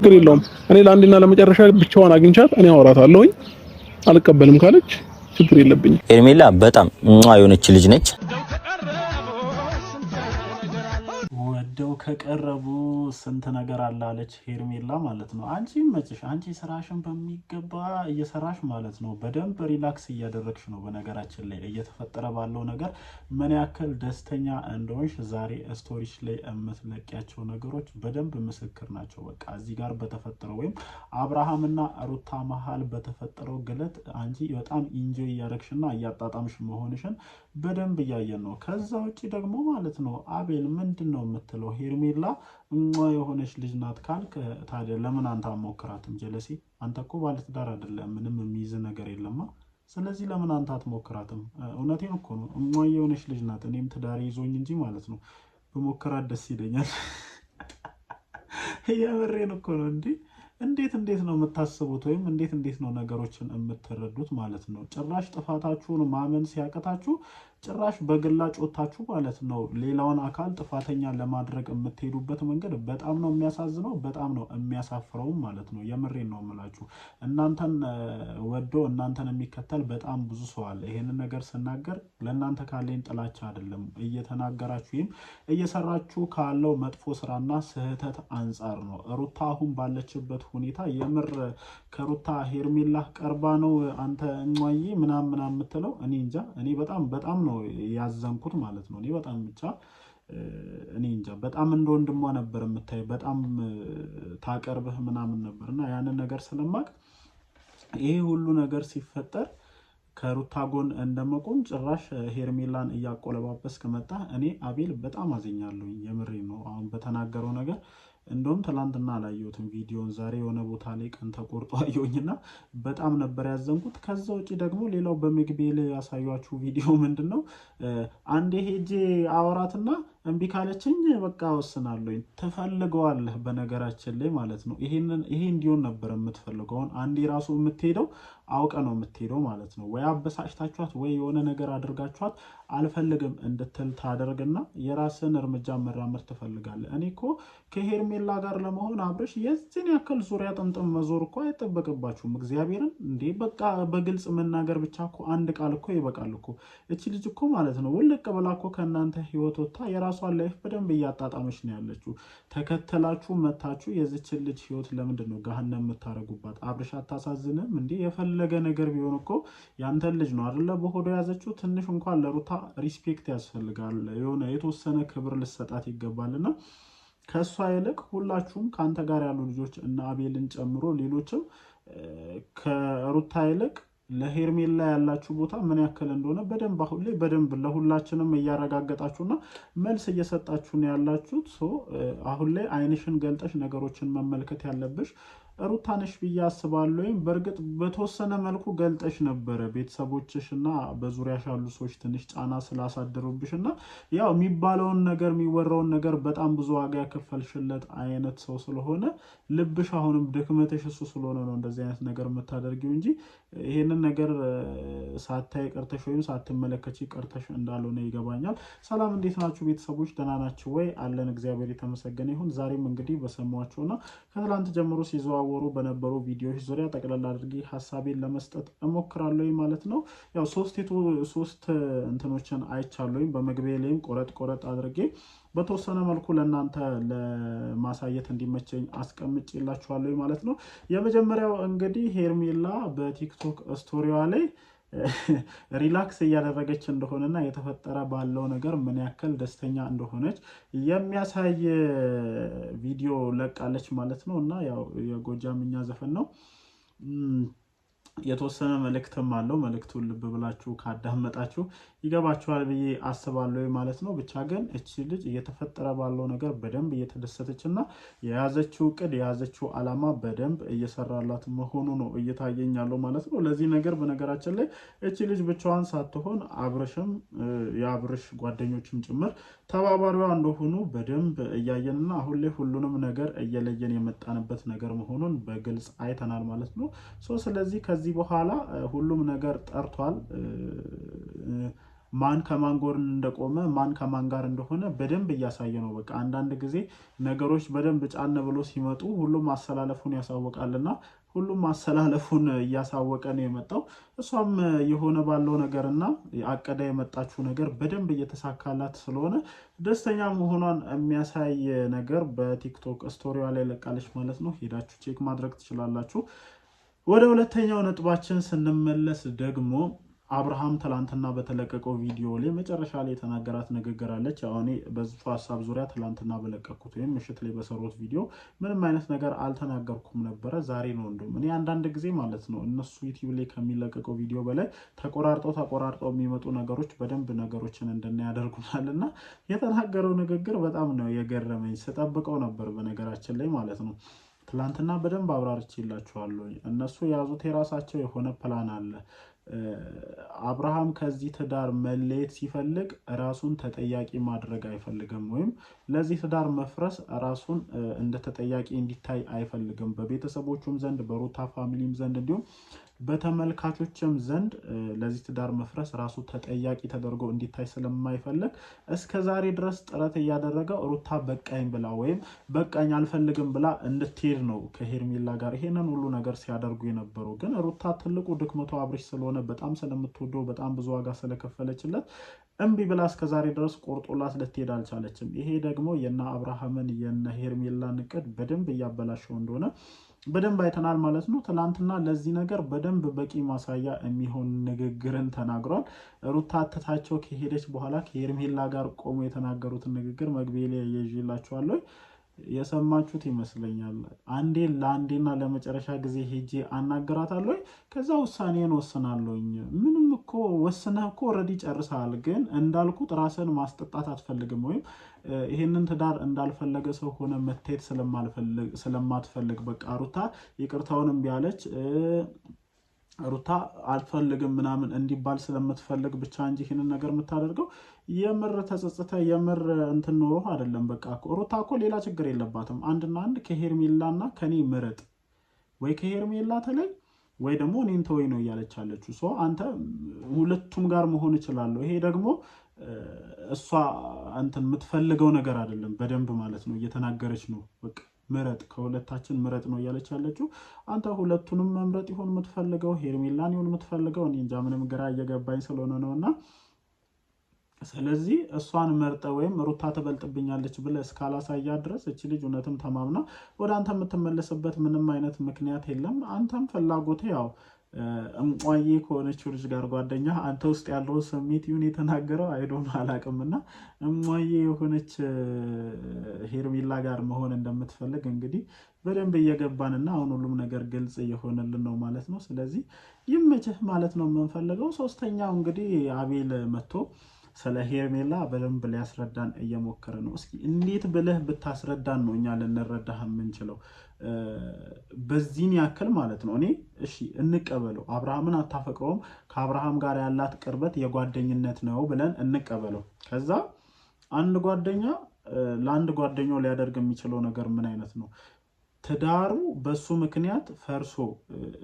ችግር የለውም። እኔ ለአንድና ለመጨረሻ ብቻዋን አግኝቻት እኔ አወራታለሁኝ። አልቀበልም ካለች ችግር የለብኝም። ኤርሜላ በጣም የሆነች ልጅ ነች። ከቀረቡ ስንት ነገር አለ አለች ሄርሜላ ማለት ነው። አንቺ መጭሽ አንቺ ስራሽን በሚገባ እየሰራሽ ማለት ነው። በደንብ ሪላክስ እያደረግሽ ነው። በነገራችን ላይ እየተፈጠረ ባለው ነገር ምን ያክል ደስተኛ እንደሆንሽ ዛሬ ስቶሪች ላይ የምትለቂያቸው ነገሮች በደንብ ምስክር ናቸው። በቃ እዚህ ጋር በተፈጠረው ወይም አብርሃምና ሩታ መሀል በተፈጠረው ግለት አንቺ በጣም ኢንጆይ እያደረግሽና እያጣጣምሽ መሆንሽን በደንብ እያየን ነው። ከዛ ውጭ ደግሞ ማለት ነው አቤል ምንድን ነው የምትለው ሄርሜላ ሄርሜላ እሟ የሆነች ልጅ ናት ካልክ ታዲያ ለምን አንተ አትሞክራትም? ጀለሴ አንተ እኮ ባለትዳር አይደለም፣ ምንም የሚይዝ ነገር የለማ። ስለዚህ ለምን አንተ አትሞክራትም? እውነቴን እኮ ነው፣ እሟ የሆነች ልጅ ናት። እኔም ትዳር ይዞኝ እንጂ ማለት ነው በሞከራት ደስ ይለኛል። የምሬን እኮ ነው እንዲህ እንዴት እንዴት ነው የምታስቡት? ወይም እንዴት እንዴት ነው ነገሮችን የምትረዱት ማለት ነው? ጭራሽ ጥፋታችሁን ማመን ሲያቀታችሁ ጭራሽ በግላጭ ወታችሁ ማለት ነው ሌላውን አካል ጥፋተኛ ለማድረግ የምትሄዱበት መንገድ በጣም ነው የሚያሳዝነው፣ በጣም ነው የሚያሳፍረውም ማለት ነው። የምሬን ነው የምላችሁ። እናንተን ወዶ እናንተን የሚከተል በጣም ብዙ ሰው አለ። ይሄንን ነገር ስናገር ለእናንተ ካለኝ ጥላቻ አይደለም፣ እየተናገራችሁ ወይም እየሰራችሁ ካለው መጥፎ ስራና ስህተት አንጻር ነው። ሩታ አሁን ባለችበት ሁኔታ የምር ከሩታ ሄርሜላ ቀርባ ነው አንተ እሟዬ ምናምን ምናምን የምትለው እኔ እንጃ። እኔ በጣም በጣም ነው ነው ያዘንኩት ማለት ነው። እኔ በጣም ብቻ እኔ እንጃ በጣም እንደ ወንድሟ ነበር የምታይ፣ በጣም ታቀርብህ ምናምን ነበር እና ያንን ነገር ስለማቅ ይሄ ሁሉ ነገር ሲፈጠር ከሩታ ጎን እንደመቆም ጭራሽ ሄርሜላን እያቆለባበስክ መጣ። እኔ አቤል በጣም አዝኛለሁ። የምሬ ነው። አሁን በተናገረው ነገር እንደውም ትላንትና አላየሁትም ቪዲዮን ዛሬ የሆነ ቦታ ላይ ቀን ተቆርጦ አየሁኝና በጣም ነበር ያዘንኩት። ከዛ ውጭ ደግሞ ሌላው በምግቤ ላይ ያሳያችሁ ቪዲዮ ምንድን ነው አንዴ ሄጄ አወራትና እምቢ ካለችኝ በቃ ወስናለኝ። ትፈልገዋለህ በነገራችን ላይ ማለት ነው። ይሄ እንዲሆን ነበር የምትፈልገውን። አንዴ ራሱ የምትሄደው አውቀ ነው የምትሄደው ማለት ነው። ወይ አበሳጭታችኋት ወይ የሆነ ነገር አድርጋችኋት አልፈልግም እንድትል ታደርግና የራስን እርምጃ መራመድ ትፈልጋለህ። እኔ እኮ ከሄርሜላ ጋር ለመሆን አብረሽ የዚህን ያክል ዙሪያ ጥምጥም መዞር እኮ አይጠበቅባችሁም። እግዚአብሔርን እንዴ በቃ በግልጽ መናገር ብቻ እኮ አንድ ቃል እኮ ይበቃል እኮ። እቺ ልጅ እኮ ማለት ነው ውልቅ ብላ እኮ ከእናንተ ህይወት ወጥታ የራሷን ላይፍ በደንብ እያጣጣመች ነው ያለችው። ተከተላችሁ መታችሁ የዚችን ልጅ ህይወት ለምንድን ነው ገሃነም የምታደርጉባት? አብርሽ አታሳዝንም እንዴ? የፈለገ ነገር ቢሆን እኮ ያንተን ልጅ ነው አይደለ በሆዶ የያዘችው። ትንሽ እንኳን ለሩታ ሪስፔክት ያስፈልጋል። የሆነ የተወሰነ ክብር ልሰጣት ይገባልና ከእሷ ይልቅ ሁላችሁም ከአንተ ጋር ያሉ ልጆች እና አቤልን ጨምሮ ሌሎችም ከሩታ ይልቅ ለሄርሜላ ያላችሁ ቦታ ምን ያክል እንደሆነ በደንብ አሁን ላይ በደንብ ለሁላችንም እያረጋገጣችሁና መልስ እየሰጣችሁ ነው ያላችሁት። አሁን ላይ አይንሽን ገልጠሽ ነገሮችን መመልከት ያለብሽ ሩታ ነሽ ብዬ ወይም በእርግጥ በተወሰነ መልኩ ገልጠሽ ነበረ እና በዙሪያሽ ያሉ ሰዎች ትንሽ ጫና ስላሳደሩብሽ እና ያው የሚባለውን ነገር የሚወራውን ነገር በጣም ብዙ ዋጋ ያከፈልሽለት አይነት ሰው ስለሆነ ልብሽ አሁንም ድክመትሽ እሱ ስለሆነ ነው እንደዚህ አይነት ነገር የምታደርጊው እንጂ ይሄንን ነገር ሳታይ ቀርተሽ ወይም ሳትመለከች ቀርተሽ እንዳልሆነ ይገባኛል። ሰላም፣ እንዴት ናችሁ ቤተሰቦች? ደህና ናችሁ ወይ? አለን። እግዚአብሔር የተመሰገነ ይሁን። ዛሬም እንግዲህ በሰማችሁና ከትላንት ጀምሮ ሲዘዋ ሲዘዋወሩ በነበሩ ቪዲዮዎች ዙሪያ ጠቅላላ አድርጌ ሀሳቤን ለመስጠት እሞክራለሁ ማለት ነው። ያው ሶስት እንትኖችን አይቻለሁኝ በመግቢያ ላይም ቆረጥ ቆረጥ አድርጌ በተወሰነ መልኩ ለእናንተ ለማሳየት እንዲመቸኝ አስቀምጬላችኋለሁ ማለት ነው። የመጀመሪያው እንግዲህ ሄርሜላ በቲክቶክ ስቶሪዋ ላይ ሪላክስ እያደረገች እንደሆነና የተፈጠረ ባለው ነገር ምን ያክል ደስተኛ እንደሆነች የሚያሳይ ቪዲዮ ለቃለች ማለት ነው። እና ያው የጎጃምኛ ዘፈን ነው። የተወሰነ መልእክትም አለው። መልእክቱን ልብ ብላችሁ ካዳመጣችሁ ይገባችኋል ብዬ አስባለሁ ማለት ነው። ብቻ ግን እቺ ልጅ እየተፈጠረ ባለው ነገር በደንብ እየተደሰተች እና የያዘችው እቅድ የያዘችው አላማ በደንብ እየሰራላት መሆኑ ነው እየታየኝ ያለው ማለት ነው። ለዚህ ነገር በነገራችን ላይ እቺ ልጅ ብቻዋን ሳትሆን አብርሽም የአብርሽ ጓደኞችም ጭምር ተባባሪዋ እንደሆኑ በደንብ እያየንና አሁን ላይ ሁሉንም ነገር እየለየን የመጣንበት ነገር መሆኑን በግልጽ አይተናል ማለት ነው። ስለዚህ ከዚህ ከዚህ በኋላ ሁሉም ነገር ጠርቷል። ማን ከማን ጎን እንደቆመ ማን ከማን ጋር እንደሆነ በደንብ እያሳየ ነው። በቃ አንዳንድ ጊዜ ነገሮች በደንብ ጫነ ብሎ ሲመጡ ሁሉም አሰላለፉን ያሳወቃልና ሁሉም አሰላለፉን እያሳወቀ ነው የመጣው። እሷም የሆነ ባለው ነገርና አቀዳ የመጣችው ነገር በደንብ እየተሳካላት ስለሆነ ደስተኛ መሆኗን የሚያሳይ ነገር በቲክቶክ ስቶሪዋ ላይ ለቃለች ማለት ነው። ሄዳችሁ ቼክ ማድረግ ትችላላችሁ። ወደ ሁለተኛው ነጥባችን ስንመለስ ደግሞ አብርሃም ትላንትና በተለቀቀው ቪዲዮ ላይ መጨረሻ ላይ የተናገራት ንግግር አለች። አሁን በዙ ሀሳብ ዙሪያ ትላንትና በለቀኩት ወይም ምሽት ላይ በሰሩት ቪዲዮ ምንም አይነት ነገር አልተናገርኩም ነበረ። ዛሬ ነው እንደውም እኔ አንዳንድ ጊዜ ማለት ነው እነሱ ዩቲዩብ ላይ ከሚለቀቀው ቪዲዮ በላይ ተቆራርጠው ተቆራርጠው የሚመጡ ነገሮች በደንብ ነገሮችን እንድና እና የተናገረው ንግግር በጣም ነው የገረመኝ። ስጠብቀው ነበር በነገራችን ላይ ማለት ነው ትላንትና በደንብ አብራርቼላችኋለሁ። እነሱ የያዙት የራሳቸው የሆነ ፕላን አለ። አብርሃም ከዚህ ትዳር መለየት ሲፈልግ ራሱን ተጠያቂ ማድረግ አይፈልግም፣ ወይም ለዚህ ትዳር መፍረስ ራሱን እንደ ተጠያቂ እንዲታይ አይፈልግም። በቤተሰቦቹም ዘንድ በሩታ ፋሚሊም ዘንድ እንዲሁም በተመልካቾችም ዘንድ ለዚህ ትዳር መፍረስ ራሱ ተጠያቂ ተደርጎ እንዲታይ ስለማይፈልግ እስከ ዛሬ ድረስ ጥረት እያደረገ ሩታ በቃኝ ብላ ወይም በቃኝ አልፈልግም ብላ እንድትሄድ ነው ከሄርሜላ ጋር ይሄንን ሁሉ ነገር ሲያደርጉ የነበረው። ግን ሩታ ትልቁ ድክመቷ አብርሽ ስለሆነ በጣም ስለምትወደው በጣም ብዙ ዋጋ ስለከፈለችለት እምቢ ብላ እስከ ዛሬ ድረስ ቆርጦላት ልትሄድ አልቻለችም። ይሄ ደግሞ የነ አብርሃምን የነ ሄርሜላን እቅድ በደንብ እያበላሸው እንደሆነ በደንብ አይተናል ማለት ነው። ትናንትና ለዚህ ነገር በደንብ በቂ ማሳያ የሚሆን ንግግርን ተናግሯል። ሩታ አትታቸው ከሄደች በኋላ ከሄርሜላ ጋር ቆሞ የተናገሩትን ንግግር መግቢያ ላይ ያያዥላችኋለሁ። የሰማችሁት ይመስለኛል። አንዴ ለአንዴና ለመጨረሻ ጊዜ ሄጄ አናግራታለሁ፣ ከዛ ውሳኔን ወስናለሁኝ። ምንም እኮ ወስነህ እኮ ኦልሬዲ ጨርሰሃል። ግን እንዳልኩት ራስን ማስጠጣት አትፈልግም ወይም ይህንን ትዳር እንዳልፈለገ ሰው ሆነ መታየት ስለማትፈልግ በቃ ሩታ ይቅርታውንም ቢያለች ሩታ አልፈልግም ምናምን እንዲባል ስለምትፈልግ ብቻ እንጂ ይህንን ነገር የምታደርገው የምር ተጸጽተ የምር እንትን ኖሮ አይደለም። በቃ ሩታ እኮ ሌላ ችግር የለባትም። አንድና አንድ ከሄርሜላና ከኔ ምረጥ፣ ወይ ከሄርሜላ ተለይ፣ ወይ ደግሞ እኔን ተወኝ ነው እያለች ያለችው። አንተ ሁለቱም ጋር መሆን እችላለሁ። ይሄ ደግሞ እሷ አንተን የምትፈልገው ነገር አይደለም። በደንብ ማለት ነው እየተናገረች ነው በቃ ምረጥ፣ ከሁለታችን ምረጥ ነው እያለች ያለችው። አንተ ሁለቱንም መምረጥ ይሆን የምትፈልገው? ሄርሜላን ይሆን የምትፈልገው? እኔ እንጃ፣ ምንም ግራ እየገባኝ ስለሆነ ነው እና ስለዚህ እሷን መርጠ ወይም ሩታ ትበልጥብኛለች ብለ እስካላሳያ ድረስ እች ልጅ እውነትም ተማምና ወደ አንተ የምትመለስበት ምንም አይነት ምክንያት የለም። አንተም ፍላጎት ያው እንቋዬ ከሆነችው ልጅ ጋር ጓደኛ አንተ ውስጥ ያለውን ስሜት ይሁን የተናገረው አይዶን አላቅም እና እንቋዬ የሆነች ሄርሜላ ጋር መሆን እንደምትፈልግ እንግዲህ በደንብ እየገባን እና አሁን ሁሉም ነገር ግልጽ እየሆነልን ነው ማለት ነው። ስለዚህ ይመችህ ማለት ነው የምንፈልገው። ሶስተኛው እንግዲህ አቤል መጥቶ ስለ ሄርሜላ በደንብ ሊያስረዳን እየሞከረ ነው። እስኪ እንዴት ብልህ ብታስረዳን ነው እኛ ልንረዳህ የምንችለው? በዚህን ያክል ማለት ነው። እኔ እሺ እንቀበለው፣ አብርሃምን አታፈቅረውም፣ ከአብርሃም ጋር ያላት ቅርበት የጓደኝነት ነው ብለን እንቀበለው። ከዛ አንድ ጓደኛ ለአንድ ጓደኛው ሊያደርግ የሚችለው ነገር ምን አይነት ነው? ትዳሩ በሱ ምክንያት ፈርሶ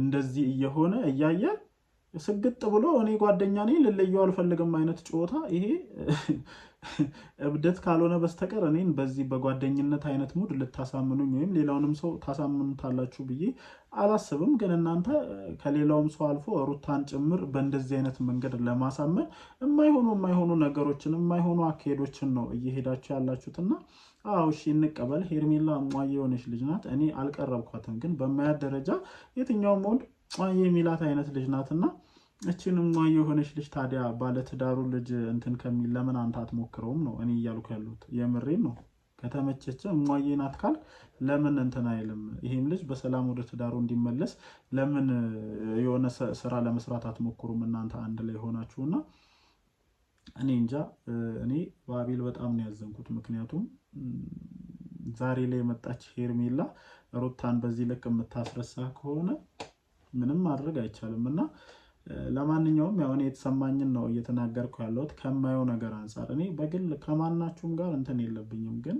እንደዚህ እየሆነ እያየን ስግጥ ብሎ እኔ ጓደኛ ነኝ ልለየው አልፈልግም አይነት ጨዋታ ይሄ እብደት ካልሆነ በስተቀር እኔን በዚህ በጓደኝነት አይነት ሙድ ልታሳምኑኝ ወይም ሌላውንም ሰው ታሳምኑታላችሁ ብዬ አላስብም። ግን እናንተ ከሌላውም ሰው አልፎ ሩታን ጭምር በእንደዚህ አይነት መንገድ ለማሳመን የማይሆኑ የማይሆኑ ነገሮችን የማይሆኑ አካሄዶችን ነው እየሄዳችሁ ያላችሁትና አዎ እሺ እንቀበል። ሄርሜላ ሟ የሆነች ልጅ ናት። እኔ አልቀረብኳትም፣ ግን በማያት ደረጃ የትኛውም ወንድ የሚላት አይነት ልጅ ናትና እችንም የሆነች ልጅ ታዲያ ባለትዳሩ ልጅ እንትን ከሚል ለምን አንተ አትሞክረውም ነው እኔ እያልኩ ያሉት። የምሬን ነው። ከተመቸች እሟዬ ናት ካል ለምን እንትን አይልም? ይህም ልጅ በሰላም ወደ ትዳሩ እንዲመለስ ለምን የሆነ ስራ ለመስራት አትሞክሩም? እናንተ አንድ ላይ ሆናችሁና እኔ እንጃ። እኔ በአቤል በጣም ነው ያዘንኩት። ምክንያቱም ዛሬ ላይ የመጣች ሄርሜላ ሩታን በዚህ ልክ የምታስረሳ ከሆነ ምንም ማድረግ አይቻልም እና ለማንኛውም ያው እኔ የተሰማኝን ነው እየተናገርኩ ያለሁት ከማየው ነገር አንጻር። እኔ በግል ከማናችሁም ጋር እንትን የለብኝም፣ ግን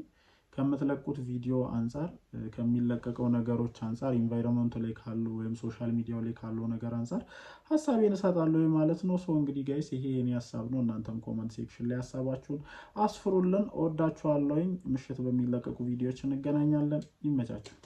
ከምትለቁት ቪዲዮ አንጻር ከሚለቀቀው ነገሮች አንጻር ኢንቫይሮንመንቱ ላይ ካለው ወይም ሶሻል ሚዲያው ላይ ካለው ነገር አንጻር ሀሳቤን እሰጣለሁ ማለት ነው። ሰው እንግዲህ ጋይስ ይሄ የኔ ሀሳብ ነው። እናንተም ኮመንት ሴክሽን ላይ ሀሳባችሁን አስፍሩልን። እወዳችኋለሁኝ። ምሽት በሚለቀቁ ቪዲዮዎች እንገናኛለን። ይመቻችሁ።